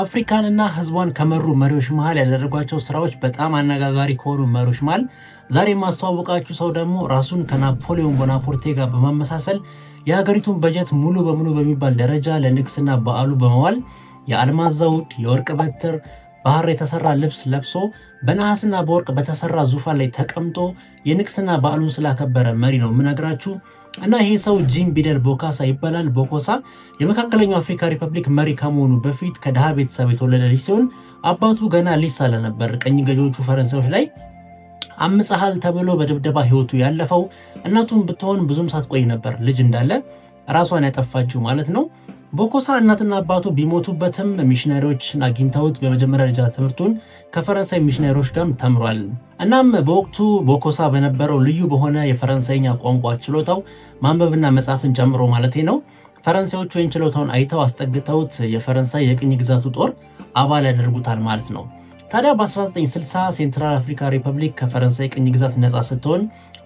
አፍሪካንና ህዝቧን ከመሩ መሪዎች መሃል ያደረጓቸው ስራዎች በጣም አነጋጋሪ ከሆኑ መሪዎች መሀል ዛሬ የማስተዋወቃችሁ ሰው ደግሞ ራሱን ከናፖሊዮን ቦናፖርቴ ጋር በማመሳሰል የሀገሪቱን በጀት ሙሉ በሙሉ በሚባል ደረጃ ለንግስና በዓሉ በመዋል የአልማዝ ዘውድ፣ የወርቅ በትር በሐር የተሰራ ልብስ ለብሶ በነሐስና በወርቅ በተሰራ ዙፋን ላይ ተቀምጦ የንግስና በዓሉን ስላከበረ መሪ ነው የምነግራችሁ። እና ይሄ ሰው ጂም ቢደር ቦካሳ ይባላል። ቦኮሳ የመካከለኛው አፍሪካ ሪፐብሊክ መሪ ከመሆኑ በፊት ከድሃ ቤተሰብ የተወለደ ልጅ ሲሆን አባቱ ገና ልጅ ሳለ ነበር ቀኝ ገዢዎቹ ፈረንሳዮች ላይ አምፀሃል ተብሎ በድብደባ ህይወቱ ያለፈው። እናቱም ብትሆን ብዙም ሳትቆይ ነበር ልጅ እንዳለ ራሷን ያጠፋችው ማለት ነው። ቦኮሳ እናትና አባቱ ቢሞቱበትም ሚሽነሪዎችን አግኝተውት በመጀመሪያ ደረጃ ትምህርቱን ከፈረንሳይ ሚሽነሪዎች ጋር ተምሯል። እናም በወቅቱ ቦኮሳ በነበረው ልዩ በሆነ የፈረንሳይኛ ቋንቋ ችሎታው ማንበብና መጻፍን ጨምሮ ማለት ነው ፈረንሳዮቹ ወይም ችሎታውን አይተው አስጠግተውት የፈረንሳይ የቅኝ ግዛቱ ጦር አባል ያደርጉታል ማለት ነው። ታዲያ በ1960 ሴንትራል አፍሪካ ሪፐብሊክ ከፈረንሳይ ቅኝ ግዛት ነፃ ስትሆን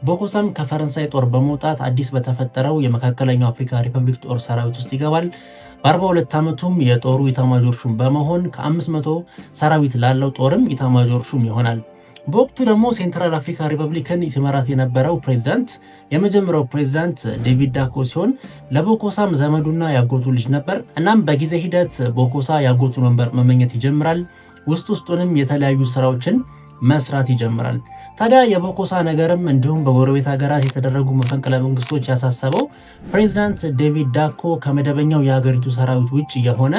ቦኮሳም ከፈረንሳይ ጦር በመውጣት አዲስ በተፈጠረው የመካከለኛው አፍሪካ ሪፐብሊክ ጦር ሰራዊት ውስጥ ይገባል። በ42 ዓመቱም የጦሩ ኢታማዦር ሹም በመሆን ከ500 ሰራዊት ላለው ጦርም ኢታማዦር ሹም ይሆናል። በወቅቱ ደግሞ ሴንትራል አፍሪካ ሪፐብሊክን ሲመራት የነበረው ፕሬዚዳንት የመጀመሪያው ፕሬዚዳንት ዴቪድ ዳኮ ሲሆን ለቦኮሳም ዘመዱና ያጎቱ ልጅ ነበር። እናም በጊዜ ሂደት ቦኮሳ ያጎቱን ወንበር መመኘት ይጀምራል። ውስጥ ውስጡንም የተለያዩ ስራዎችን መስራት ይጀምራል። ታዲያ የቦኮሳ ነገርም እንዲሁም በጎረቤት ሀገራት የተደረጉ መፈንቅለ መንግስቶች ያሳሰበው ፕሬዚዳንት ዴቪድ ዳኮ ከመደበኛው የሀገሪቱ ሰራዊት ውጭ የሆነ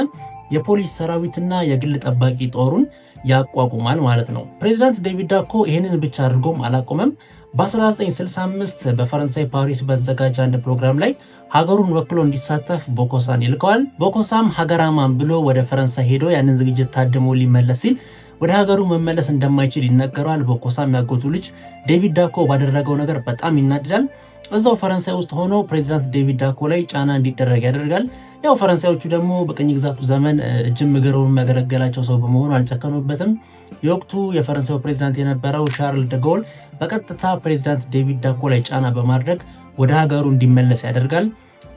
የፖሊስ ሰራዊትና የግል ጠባቂ ጦሩን ያቋቁማል ማለት ነው። ፕሬዚዳንት ዴቪድ ዳኮ ይህንን ብቻ አድርጎም አላቆመም። በ1965 በፈረንሳይ ፓሪስ በተዘጋጀ አንድ ፕሮግራም ላይ ሀገሩን ወክሎ እንዲሳተፍ ቦኮሳን ይልከዋል። ቦኮሳም ሀገራማን ብሎ ወደ ፈረንሳይ ሄዶ ያንን ዝግጅት ታድሞ ሊመለስ ሲል ወደ ሀገሩ መመለስ እንደማይችል ይነገረዋል። በኮሳም ያጎቱ ልጅ ዴቪድ ዳኮ ባደረገው ነገር በጣም ይናደዳል። እዛው ፈረንሳይ ውስጥ ሆኖ ፕሬዚዳንት ዴቪድ ዳኮ ላይ ጫና እንዲደረግ ያደርጋል። ያው ፈረንሳዮቹ ደግሞ በቅኝ ግዛቱ ዘመን እጅም እግሩን የሚያገለገላቸው ሰው በመሆኑ አልጨከኑበትም። የወቅቱ የፈረንሳዩ ፕሬዚዳንት የነበረው ሻርል ደጎል በቀጥታ ፕሬዚዳንት ዴቪድ ዳኮ ላይ ጫና በማድረግ ወደ ሀገሩ እንዲመለስ ያደርጋል።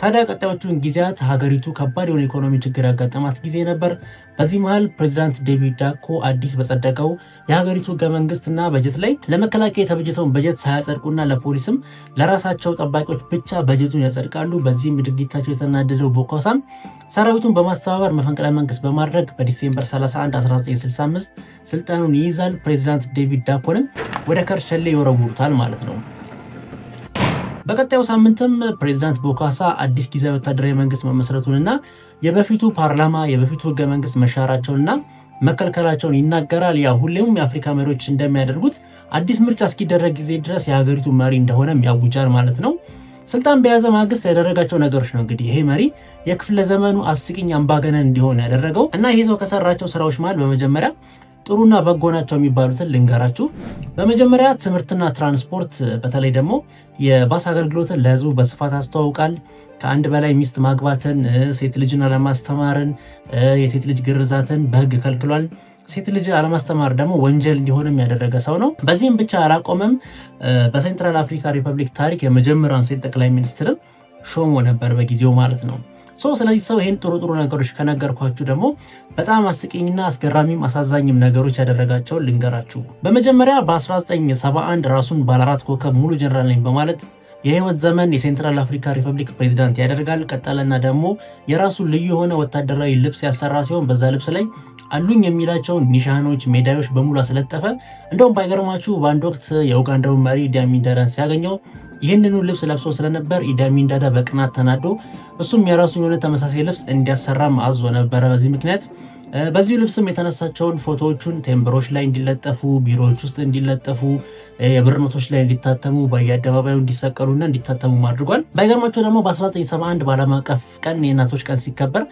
ታዲያ ቀጣዮቹን ጊዜያት ሀገሪቱ ከባድ የሆነ ኢኮኖሚ ችግር ያጋጠማት ጊዜ ነበር። በዚህ መሃል ፕሬዚዳንት ዴቪድ ዳኮ አዲስ በጸደቀው የሀገሪቱ ህገ መንግስትና በጀት ላይ ለመከላከያ የተበጀተውን በጀት ሳያጸድቁና ለፖሊስም ለራሳቸው ጠባቂዎች ብቻ በጀቱን ያጸድቃሉ። በዚህም ድርጊታቸው የተናደደው ቦኮሳም ሰራዊቱን በማስተባበር መፈንቅለ መንግስት በማድረግ በዲሴምበር 31 1965 ስልጣኑን ይይዛል። ፕሬዚዳንት ዴቪድ ዳኮንም ወደ ከርሸሌ ይወረውሩታል ማለት ነው። በቀጣዩ ሳምንትም ፕሬዚዳንት ቦካሳ አዲስ ጊዜ ወታደራዊ መንግስት መመስረቱንና የበፊቱ ፓርላማ የበፊቱ ህገ መንግስት መሻራቸውንና መከልከላቸውን ይናገራል። ያ ሁሌም የአፍሪካ መሪዎች እንደሚያደርጉት አዲስ ምርጫ እስኪደረግ ጊዜ ድረስ የሀገሪቱ መሪ እንደሆነም ያውጃል ማለት ነው። ስልጣን በያዘ ማግስት ያደረጋቸው ነገሮች ነው እንግዲህ ይሄ መሪ የክፍለ ዘመኑ አስቂኝ አምባገነን እንዲሆን ያደረገው እና ይሄ ሰው ከሰራቸው ስራዎች መሃል በመጀመሪያ ጥሩና በጎ ናቸው የሚባሉትን ልንገራችሁ። በመጀመሪያ ትምህርትና ትራንስፖርት፣ በተለይ ደግሞ የባስ አገልግሎትን ለህዝቡ በስፋት አስተዋውቃል። ከአንድ በላይ ሚስት ማግባትን፣ ሴት ልጅን አለማስተማርን፣ የሴት ልጅ ግርዛትን በህግ ከልክሏል። ሴት ልጅ አለማስተማር ደግሞ ወንጀል እንዲሆንም ያደረገ ሰው ነው። በዚህም ብቻ አላቆመም። በሴንትራል አፍሪካ ሪፐብሊክ ታሪክ የመጀመሪያውን ሴት ጠቅላይ ሚኒስትርም ሾሞ ነበር በጊዜው ማለት ነው። ሶ ስለዚህ ሰው ይህን ጥሩ ጥሩ ነገሮች ከነገርኳችሁ ደግሞ በጣም አስቂኝና አስገራሚም አሳዛኝም ነገሮች ያደረጋቸውን ልንገራችሁ። በመጀመሪያ በ1971 ራሱን ባለአራት ኮከብ ሙሉ ጀነራል ነኝ በማለት የህይወት ዘመን የሴንትራል አፍሪካ ሪፐብሊክ ፕሬዚዳንት ያደርጋል። ቀጠለና ደግሞ የራሱ ልዩ የሆነ ወታደራዊ ልብስ ያሰራ ሲሆን በዛ ልብስ ላይ አሉኝ የሚላቸውን ኒሻኖች፣ ሜዳዮች በሙሉ አስለጠፈ። እንደውም ባይገርማችሁ በአንድ ወቅት የኡጋንዳው መሪ ዳሚን ሲያገኘው ይህንኑ ልብስ ለብሶ ስለነበር ኢዳሚን ዳዳ በቅናት ተናዶ እሱም የራሱን የሆነ ተመሳሳይ ልብስ እንዲያሰራም አዞ ነበረ። በዚህ ምክንያት በዚሁ ልብስም የተነሳቸውን ፎቶዎቹን ቴምብሮች ላይ እንዲለጠፉ፣ ቢሮዎች ውስጥ እንዲለጠፉ፣ የብር ኖቶች ላይ እንዲታተሙ፣ በየአደባባዩ እንዲሰቀሉና እንዲታተሙ አድርጓል። ባይገርማቸው ደግሞ በ1971 በዓለም አቀፍ ቀን የእናቶች ቀን ሲከበር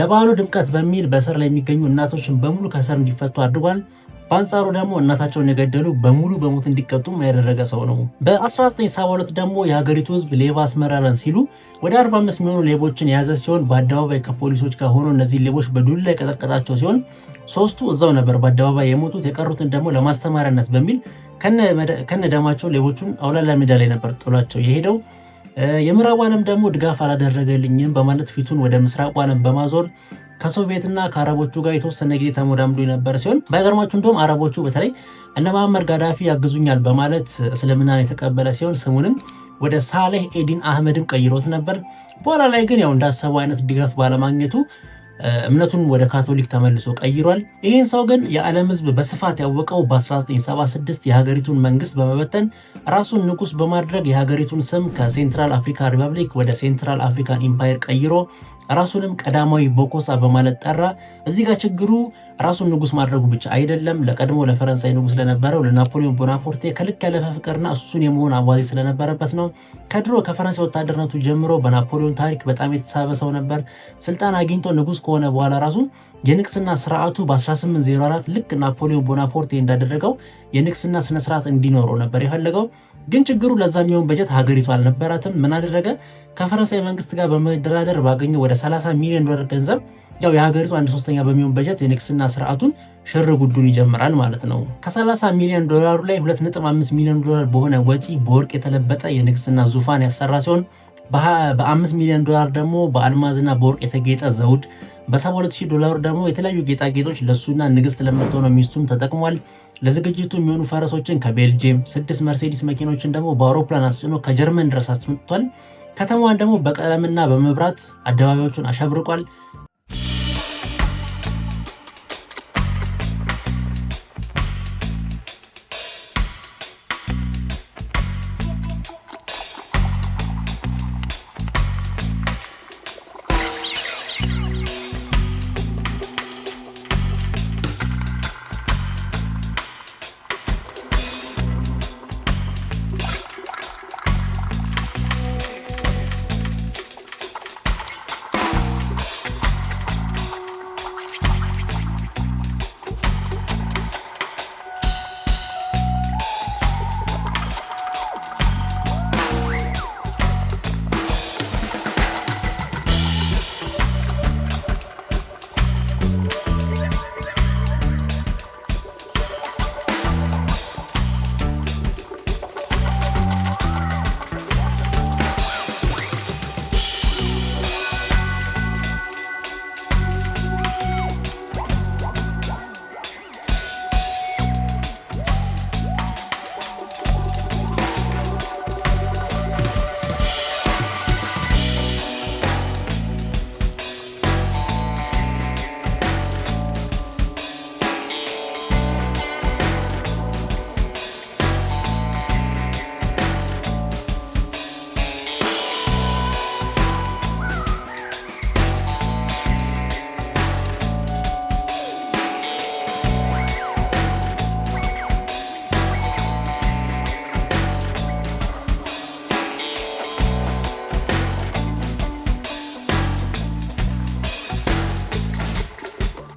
ለበዓሉ ድምቀት በሚል በእስር ላይ የሚገኙ እናቶችን በሙሉ ከእስር እንዲፈቱ አድርጓል። በአንጻሩ ደግሞ እናታቸውን የገደሉ በሙሉ በሞት እንዲቀጡም ያደረገ ሰው ነው። በ1972 ደግሞ የሀገሪቱ ሕዝብ ሌባ አስመራረን ሲሉ ወደ 45 የሚሆኑ ሌቦችን የያዘ ሲሆን በአደባባይ ከፖሊሶች ጋር ሆኖ እነዚህ ሌቦች በዱላ የቀጠቀጣቸው ያቀረባቸው ሲሆን ሶስቱ እዛው ነበር በአደባባይ የሞቱት። የቀሩትን ደግሞ ለማስተማሪያነት በሚል ከነ ደማቸው ሌቦቹን አውላላ ሜዳ ላይ ነበር ጥሏቸው የሄደው። የምዕራቡ ዓለም ደግሞ ድጋፍ አላደረገልኝም በማለት ፊቱን ወደ ምስራቁ ዓለም በማዞር ከሶቪየትና ከአረቦቹ ጋር የተወሰነ ጊዜ ተሞዳምዶ የነበረ ሲሆን ባይገርማችሁ እንደውም አረቦቹ በተለይ እነ መሐመድ ጋዳፊ ያግዙኛል በማለት እስልምናን የተቀበለ ሲሆን ስሙንም ወደ ሳሌህ ኤዲን አህመድም ቀይሮት ነበር። በኋላ ላይ ግን ያው እንዳሰበው አይነት ድጋፍ ባለማግኘቱ እምነቱን ወደ ካቶሊክ ተመልሶ ቀይሯል። ይህን ሰው ግን የዓለም ሕዝብ በስፋት ያወቀው በ1976 የሀገሪቱን መንግስት በመበተን ራሱን ንጉስ በማድረግ የሀገሪቱን ስም ከሴንትራል አፍሪካ ሪፐብሊክ ወደ ሴንትራል አፍሪካን ኢምፓየር ቀይሮ ራሱንም ቀዳማዊ ቦኮሳ በማለት ጠራ። እዚህ ጋር ችግሩ ራሱን ንጉስ ማድረጉ ብቻ አይደለም። ለቀድሞ ለፈረንሳይ ንጉስ ለነበረው ለናፖሊዮን ቦናፖርቴ ከልክ ያለፈ ፍቅርና እሱን የመሆን አባዜ ስለነበረበት ነው። ከድሮ ከፈረንሳይ ወታደርነቱ ጀምሮ በናፖሊዮን ታሪክ በጣም የተሳበ ሰው ነበር። ስልጣን አግኝቶ ንጉስ ከሆነ በኋላ ራሱ የንግስና ስርዓቱ በ1804 ልክ ናፖሊዮን ቦናፖርቴ እንዳደረገው የንግስና ስነስርዓት እንዲኖረው ነበር የፈለገው። ግን ችግሩ ለዛ የሚሆን በጀት ሀገሪቱ አልነበራትም። ምን አደረገ? ከፈረንሳይ መንግስት ጋር በመደራደር ባገኘው ወደ 30 ሚሊዮን ዶላር ገንዘብ ያው የሀገሪቱ አንድ ሶስተኛ በሚሆን በጀት የንግስና ስርዓቱን ሽር ጉዱን ይጀምራል ማለት ነው። ከ30 ሚሊዮን ዶላሩ ላይ 2.5 ሚሊዮን ዶላር በሆነ ወጪ በወርቅ የተለበጠ የንግስና ዙፋን ያሰራ ሲሆን በ5 ሚሊዮን ዶላር ደግሞ በአልማዝና በወርቅ የተጌጠ ዘውድ፣ በ72000 ዶላር ደግሞ የተለያዩ ጌጣጌጦች ለእሱና ንግስት ለምትሆነው ሚስቱም ተጠቅሟል። ለዝግጅቱ የሚሆኑ ፈረሶችን ከቤልጅየም፣ ስድስት መርሴዲስ መኪኖችን ደግሞ በአውሮፕላን አስጭኖ ከጀርመን ድረስ አስመጥቷል። ከተማዋን ደግሞ በቀለምና በመብራት አደባባዮቹን አሸብርቋል።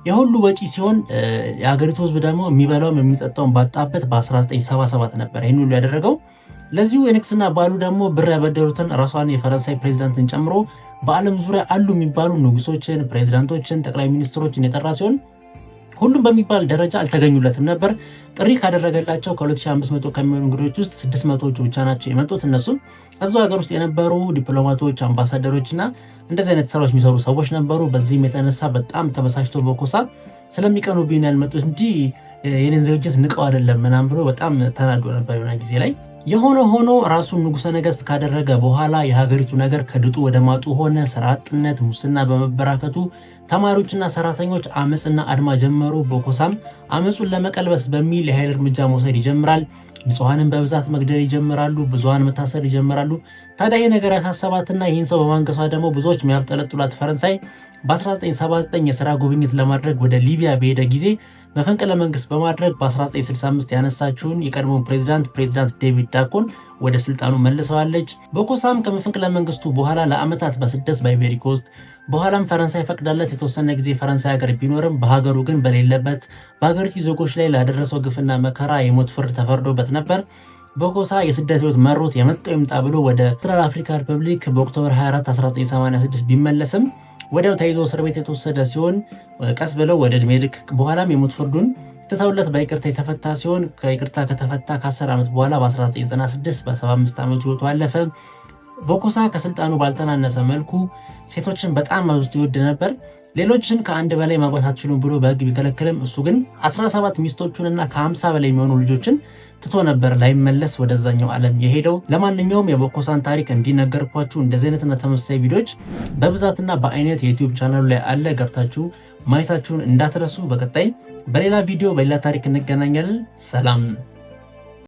የሁሉ ወጪ ሲሆን የሀገሪቱ ህዝብ ደግሞ የሚበላውም የሚጠጣውን ባጣበት በ1977 ነበር ይህን ሁሉ ያደረገው። ለዚሁ የንግስና ባሉ ደግሞ ብር ያበደሩትን ራሷን የፈረንሳይ ፕሬዚዳንትን ጨምሮ በዓለም ዙሪያ አሉ የሚባሉ ንጉሶችን፣ ፕሬዚዳንቶችን፣ ጠቅላይ ሚኒስትሮችን የጠራ ሲሆን ሁሉም በሚባል ደረጃ አልተገኙለትም ነበር። ጥሪ ካደረገላቸው ከ2500 ከሚሆኑ እንግዶች ውስጥ 600ዎቹ ብቻ ናቸው የመጡት። እነሱም እዛው ሀገር ውስጥ የነበሩ ዲፕሎማቶች፣ አምባሳደሮች እና እንደዚህ አይነት ስራዎች የሚሰሩ ሰዎች ነበሩ። በዚህም የተነሳ በጣም ተበሳጭቶ በኮሳ ስለሚቀኑ ቢሆን ያልመጡት እንጂ የኔን ዝግጅት ንቀው አይደለም ምናምን ብሎ በጣም ተናዶ ነበር የሆነ ጊዜ ላይ የሆነ ሆኖ ራሱን ንጉሠ ነገሥት ካደረገ በኋላ የሀገሪቱ ነገር ከድጡ ወደ ማጡ ሆነ። ስራ አጥነት፣ ሙስና በመበራከቱ ተማሪዎችና ሰራተኞች አመፅና አድማ ጀመሩ። ቦኮሳም አመፁን ለመቀልበስ በሚል የኃይል እርምጃ መውሰድ ይጀምራል። ንጹሐንን በብዛት መግደል ይጀምራሉ። ብዙን መታሰር ይጀምራሉ። ታዲያ ይህ ነገር ያሳሰባትና ይህን ሰው በማንገሷ ደግሞ ብዙዎች የሚያብጠለጥሏት ፈረንሳይ በ1979 የሥራ ጉብኝት ለማድረግ ወደ ሊቢያ በሄደ ጊዜ መፈንቅለ መንግስት በማድረግ በ1965 ያነሳችውን የቀድሞውን ፕሬዚዳንት ፕሬዚዳንት ዴቪድ ዳኮን ወደ ስልጣኑ መልሰዋለች። ቦኮሳም ከመፈንቅለ መንግስቱ በኋላ ለዓመታት በስደት በአይቬሪኮ ውስጥ በኋላም ፈረንሳይ ፈቅዳለት የተወሰነ ጊዜ ፈረንሳይ ሀገር ቢኖርም በሀገሩ ግን በሌለበት በሀገሪቱ ዜጎች ላይ ላደረሰው ግፍና መከራ የሞት ፍርድ ተፈርዶበት ነበር። ቦኮሳ የስደት ህይወት መሮት የመጣው ይምጣ ብሎ ወደ ሴንትራል አፍሪካ ሪፐብሊክ በኦክቶበር 24 1986 ቢመለስም ወዲያው ተይዞ እስር ቤት የተወሰደ ሲሆን ቀስ ብለው ወደ እድሜ ልክ በኋላም የሞት ፍርዱን የተተውለት በይቅርታ የተፈታ ሲሆን ከይቅርታ ከተፈታ ከ10 ዓመት በኋላ በ1996 በ75 ዓመቱ ህይወቱ አለፈ። ቦኮሳ ከስልጣኑ ባልተናነሰ መልኩ ሴቶችን በጣም አብዝቶ ይወድ ነበር። ሌሎችን ከአንድ በላይ ማግባት አትችሉም ብሎ በህግ ቢከለክልም እሱ ግን 17 ሚስቶቹንና ከ50 በላይ የሚሆኑ ልጆችን ትቶ ነበር ላይመለስ ወደዛኛው ዓለም የሄደው። ለማንኛውም የቦኮሳን ታሪክ እንዲነገርኳችሁ እንደዚህ አይነትና ተመሳሳይ ቪዲዮዎች በብዛትና በአይነት የዩትዩብ ቻናሉ ላይ አለ። ገብታችሁ ማየታችሁን እንዳትረሱ። በቀጣይ በሌላ ቪዲዮ በሌላ ታሪክ እንገናኛለን። ሰላም